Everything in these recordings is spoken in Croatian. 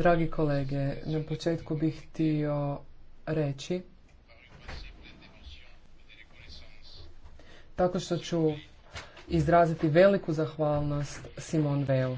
Dragi kolege, na početku bih htio reći tako što ću izraziti veliku zahvalnost Simon Veil.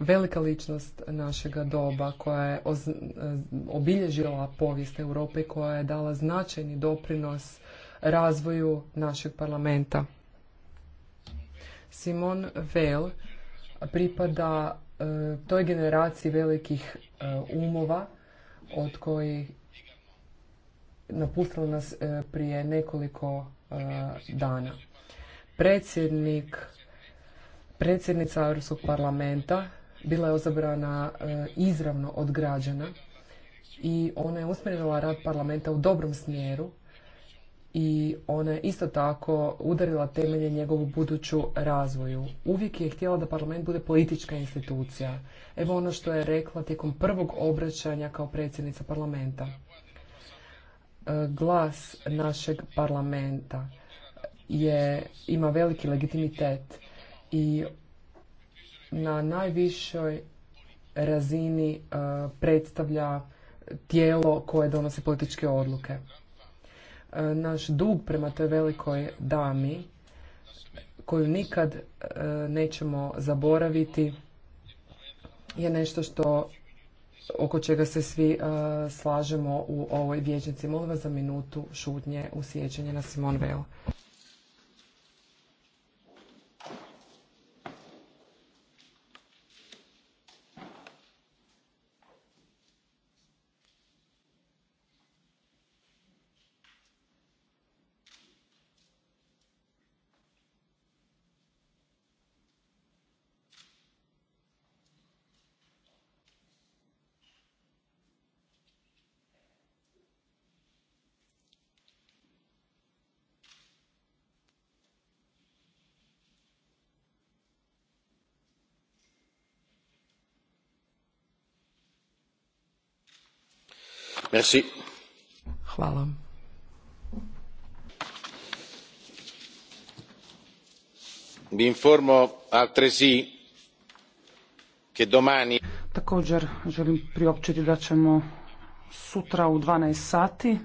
Velika ličnost našega doba koja je obilježila povijest Europe i koja je dala značajni doprinos razvoju našeg parlamenta. Simon Veil pripada e, toj generaciji velikih e, umova od kojih napustila nas e, prije nekoliko dana. Predsjednik Predsjednica Europskog parlamenta bila je ozabrana e, izravno od građana i ona je usmjerila rad parlamenta u dobrom smjeru i ona je isto tako udarila temelje njegovu buduću razvoju. Uvijek je htjela da parlament bude politička institucija. Evo ono što je rekla tijekom prvog obraćanja kao predsjednica parlamenta. E, glas našeg parlamenta je, ima veliki legitimitet i na najvišoj razini e, predstavlja tijelo koje donosi političke odluke. E, naš dug prema toj velikoj dami koju nikad e, nećemo zaboraviti je nešto što oko čega se svi slažemo u ovoj vječnici. Molim vas za minutu šutnje u sjećanje na Simon Veo. Hvala. informo domani... Također želim priopćiti da ćemo sutra u 12 sati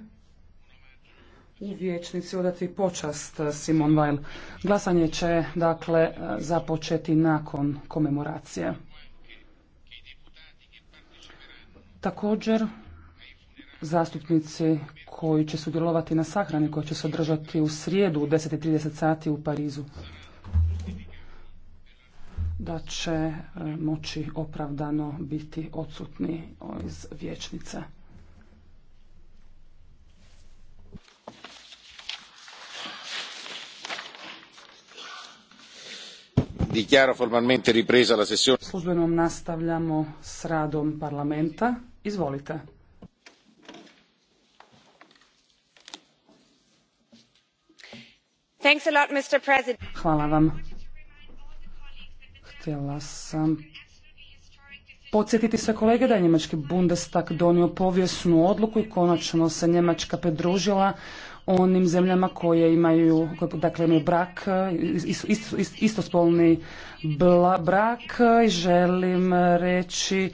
u vijećnici odati počast Simon Weil. Glasanje će dakle započeti nakon komemoracije. Također zastupnici koji će sudjelovati na sahrani koja će se održati u srijedu u 10.30 sati u Parizu da će e, moći opravdano biti odsutni iz vječnice. Dichiaro formalmente ripresa la sessione. Službenom nastavljamo s radom parlamenta. Izvolite. Hvala vam. Htjela sam podsjetiti sve kolege da je Njemački Bundestag donio povijesnu odluku i konačno se Njemačka pridružila onim zemljama koje imaju, dakle imaju brak, istospolni brak i želim reći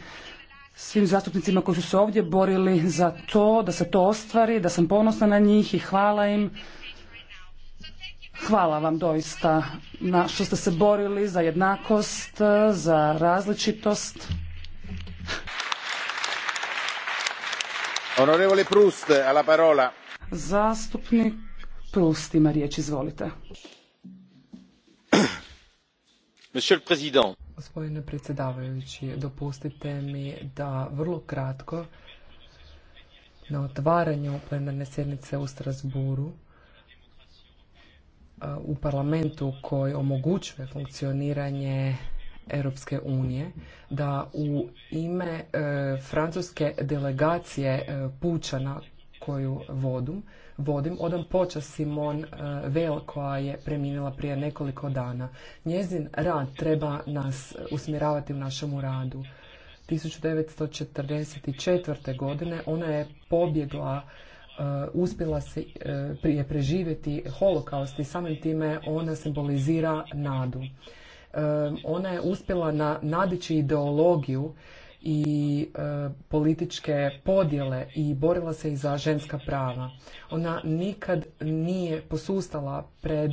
svim zastupnicima koji su se ovdje borili za to, da se to ostvari, da sam ponosna na njih i hvala im Hvala vam doista na što ste se borili za jednakost, za različitost. Onorevole Proust, alla parola. Zastupnik Proust ima riječ, izvolite. Monsieur le Président. Gospodine predsjedavajući, dopustite mi da vrlo kratko na otvaranju plenarne sjednice u Strasburu u parlamentu koji omogućuje funkcioniranje Europske unije da u ime e, francuske delegacije e, pučana koju vodim, vodim odam počas Simon e, Vel koja je preminila prije nekoliko dana. Njezin rad treba nas e, usmjeravati u našemu radu. 1944. godine ona je pobjegla E, uspjela se prije preživjeti holokaust i samim time ona simbolizira nadu. E, ona je uspjela na, nadići ideologiju i e, političke podjele i borila se i za ženska prava. Ona nikad nije posustala pred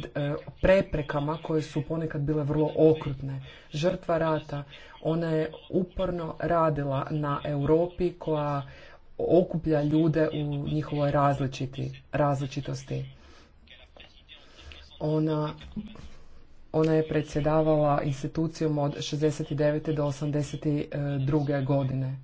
preprekama koje su ponekad bile vrlo okrutne. Žrtva rata, ona je uporno radila na Europi koja okuplja ljude u njihovoj različiti, različitosti. Ona, ona je predsjedavala institucijom od 69. do 82. godine.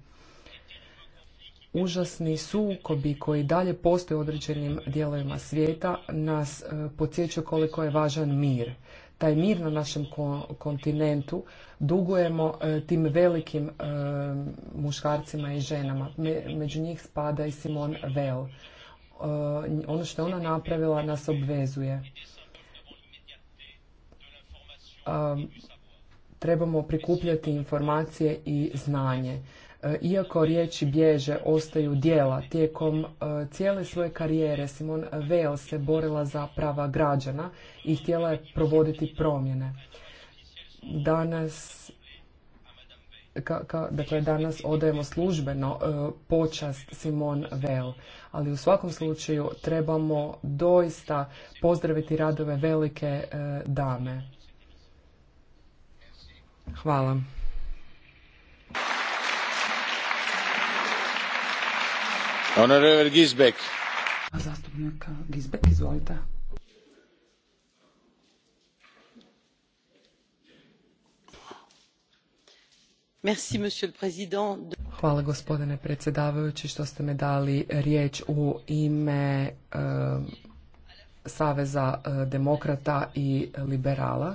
Užasni sukobi koji dalje postoje u određenim dijelovima svijeta nas eh, podsjećaju koliko je važan mir taj mir na našem kontinentu dugujemo e, tim velikim e, muškarcima i ženama. Među njih spada i Simon Veil. E, ono što je ona napravila nas obvezuje. Trebamo prikupljati informacije i znanje. E, iako riječi bježe, ostaju dijela. Tijekom e, cijele svoje karijere Simon Veil se borila za prava građana i htjela je provoditi promjene. Danas Ka, ka, dakle danas odajemo službeno e, počast Simon Veil, ali u svakom slučaju trebamo doista pozdraviti radove velike dame. Hvala. Hvala gospodine predsjedavajući što ste me dali riječ u ime eh, Saveza eh, demokrata i liberala.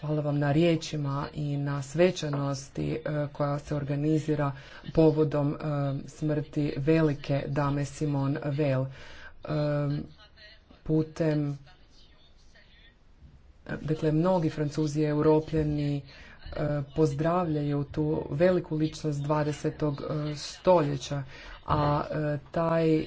Hvala vam na riječima i na svečanosti e, koja se organizira povodom e, smrti velike dame Simon Veil. E, putem dakle mnogi Francuzi i europljeni pozdravljaju tu veliku ličnost 20. stoljeća, a taj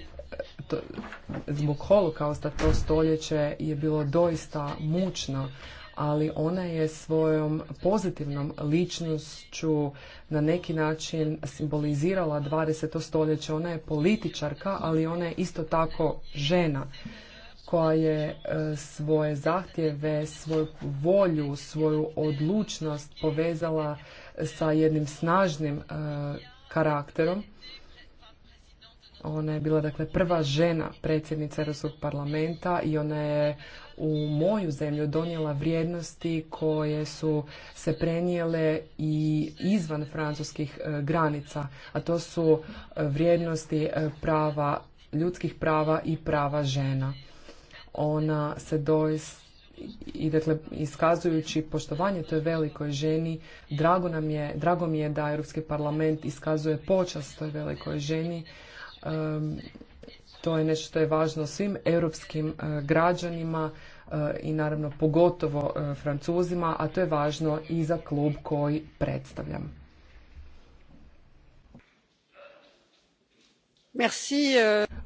zbog holokausta to stoljeće je bilo doista mučno, ali ona je svojom pozitivnom ličnošću na neki način simbolizirala 20. stoljeće. Ona je političarka, ali ona je isto tako žena koja je e, svoje zahtjeve, svoju volju, svoju odlučnost povezala sa jednim snažnim e, karakterom. Ona je bila dakle prva žena predsjednica Europskog parlamenta i ona je u moju zemlju donijela vrijednosti koje su se prenijele i izvan francuskih e, granica, a to su e, vrijednosti e, prava, ljudskih prava i prava žena. Ona se doista i dakle iskazujući poštovanje toj velikoj ženi, drago nam je, drago mi je da Europski parlament iskazuje počast toj velikoj ženi um, to je nešto što je važno svim europskim e, građanima e, i naravno pogotovo e, Francuzima, a to je važno i za klub koji predstavljam. Merci.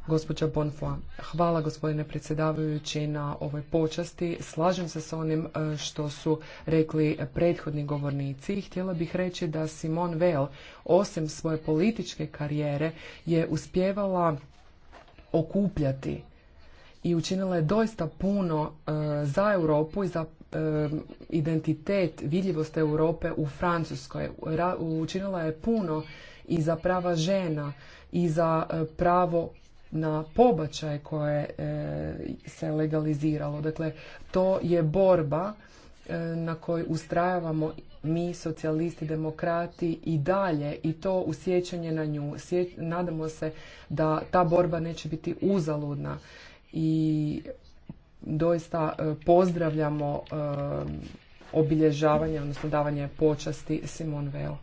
Gospođa Bonfoy, hvala gospodine predsjedavajući na ovoj počasti. Slažem se s onim što su rekli prethodni govornici. Htjela bih reći da Simone Veil, osim svoje političke karijere, je uspjevala okupljati i učinila je doista puno e, za Europu i za e, identitet, vidljivost Europe u Francuskoj. učinila je puno i za prava žena i za e, pravo na pobačaj koje se legaliziralo. Dakle, to je borba E, na koji ustrajavamo mi socijalisti demokrati i dalje i to usjećanje na nju nadamo se da ta borba neće biti uzaludna i doista e, pozdravljamo e, obilježavanje odnosno davanje počasti Simon Veo.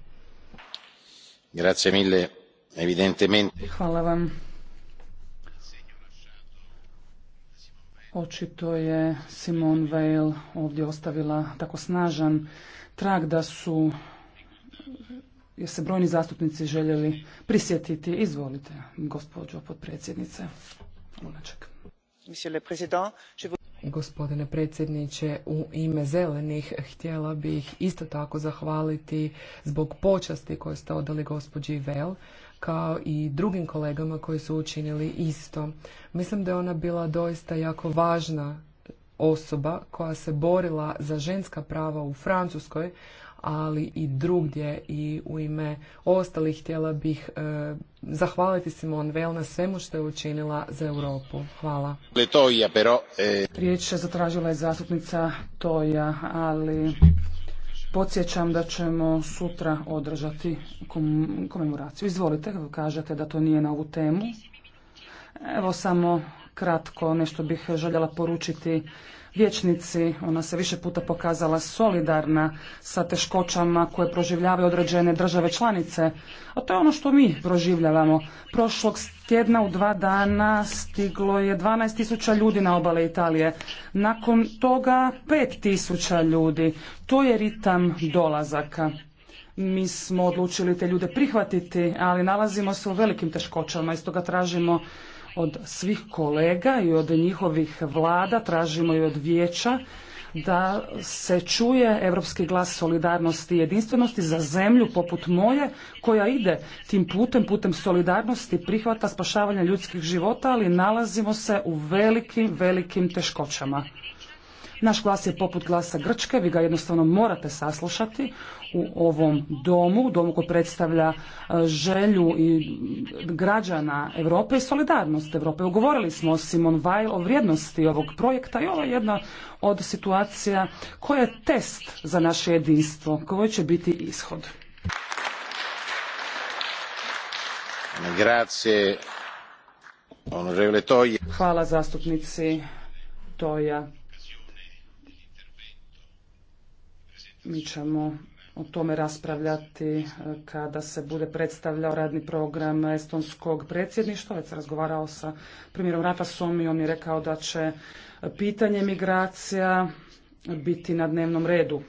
Hvala vam. Očito je Simone Weil ovdje ostavila tako snažan trag da su jer se brojni zastupnici željeli prisjetiti. Izvolite, gospođo potpredsjednice Gospodine predsjedniče, u ime zelenih htjela bih isto tako zahvaliti zbog počasti koju ste odali gospođi Vel kao i drugim kolegama koji su učinili isto. Mislim da je ona bila doista jako važna osoba koja se borila za ženska prava u Francuskoj, ali i drugdje i u ime ostalih htjela bih e, zahvaliti Simon Veil na svemu što je učinila za Europu. Hvala. Eh, Riječ je zatražila je zastupnica Toja, ali Podsjećam da ćemo sutra održati komemoraciju. Izvolite, kako kažete da to nije na ovu temu. Evo samo kratko nešto bih željela poručiti vijećnici. Ona se više puta pokazala solidarna sa teškoćama koje proživljavaju određene države članice. A to je ono što mi proživljavamo. Prošlog tjedna u dva dana stiglo je 12.000 ljudi na obale Italije. Nakon toga 5.000 tisuća ljudi. To je ritam dolazaka. Mi smo odlučili te ljude prihvatiti, ali nalazimo se u velikim teškoćama i stoga tražimo od svih kolega i od njihovih vlada, tražimo i od vijeća da se čuje europski glas solidarnosti i jedinstvenosti za zemlju poput moje koja ide tim putem, putem solidarnosti, prihvata spašavanja ljudskih života, ali nalazimo se u velikim, velikim teškoćama. Naš glas je poput glasa Grčke, vi ga jednostavno morate saslušati u ovom domu, domu koji predstavlja e, želju i građana Europe i solidarnost Europe. Ugovorili smo o Simon Weil o vrijednosti ovog projekta i ovo je jedna od situacija koja je test za naše jedinstvo, koje će biti ishod. Hvala zastupnici Toja. Mi ćemo o tome raspravljati e, kada se bude predstavljao radni program estonskog predsjedništva. Već sam razgovarao sa premijerom Rafa i on je rekao da će pitanje migracija biti na dnevnom redu